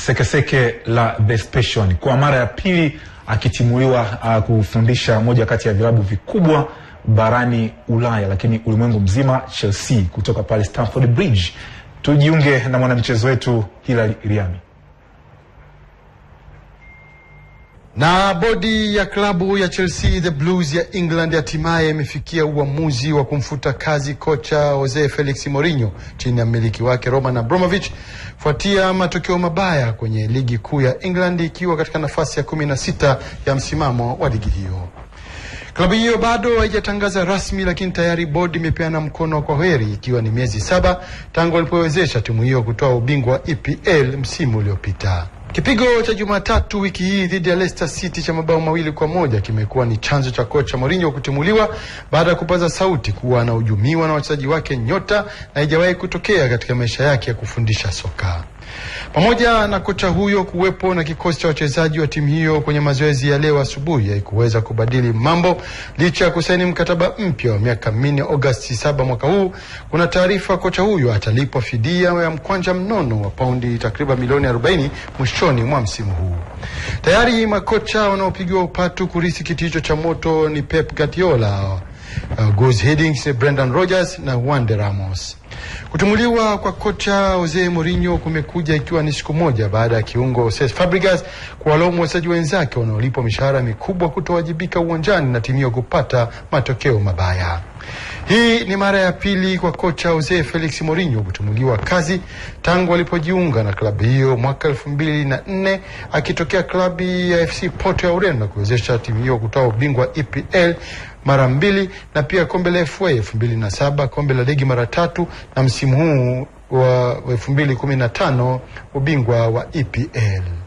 Sekeseke la Vespasian kwa mara ya pili akitimuliwa uh, kufundisha moja kati ya vilabu vikubwa barani Ulaya lakini ulimwengu mzima, Chelsea kutoka pale Stamford Bridge. Tujiunge na mwanamchezo wetu Hilary Riami. Na bodi ya klabu ya Chelsea the Blues ya England hatimaye imefikia uamuzi wa kumfuta kazi kocha Jose Felix Mourinho chini ya mmiliki wake Roman Abramovich kufuatia matokeo mabaya kwenye ligi kuu ya England ikiwa katika nafasi ya kumi na sita ya msimamo wa ligi hiyo. Klabu hiyo bado haijatangaza rasmi, lakini tayari bodi imepeana mkono kwa heri, ikiwa ni miezi saba tangu walipowezesha timu hiyo kutoa ubingwa EPL msimu uliopita. Kipigo cha Jumatatu wiki hii dhidi ya Leicester City cha mabao mawili kwa moja kimekuwa ni chanzo cha kocha Mourinho kutimuliwa baada ya kupaza sauti kuwa anahujumiwa na wachezaji wake nyota na haijawahi kutokea katika maisha yake ya kufundisha soka. Pamoja na kocha huyo kuwepo na kikosi cha wachezaji wa timu hiyo kwenye mazoezi ya leo asubuhi haikuweza kubadili mambo licha ya kusaini mkataba mpya wa miaka minne Agosti saba mwaka huu. Kuna taarifa kocha huyo atalipwa fidia ya mkwanja mnono wa paundi takriban milioni 40 mwishoni mwa msimu huu. Tayari makocha wanaopigiwa upatu kurithi kiti hicho cha moto ni Pep Guardiola, uh, Gus Hiddink, Brendan Rodgers na Juan de Ramos. Kutumuliwa kwa kocha Jose Mourinho kumekuja ikiwa ni siku moja baada ya kiungo Cesc Fabregas kuwalaumu wachezaji wenzake wanaolipwa mishahara mikubwa kutowajibika uwanjani na timu hiyo kupata matokeo mabaya. Hii ni mara ya pili kwa kocha Jose Felix Mourinho kutumuliwa kazi tangu alipojiunga na klabu hiyo mwaka elfu mbili na nne akitokea klabu ya FC Porto ya Ureno na kuwezesha timu hiyo kutoa ubingwa EPL mara mbili na pia kombe la FA elfu mbili na saba, kombe la ligi mara tatu na msimu huu wa 2015 ubingwa wa EPL.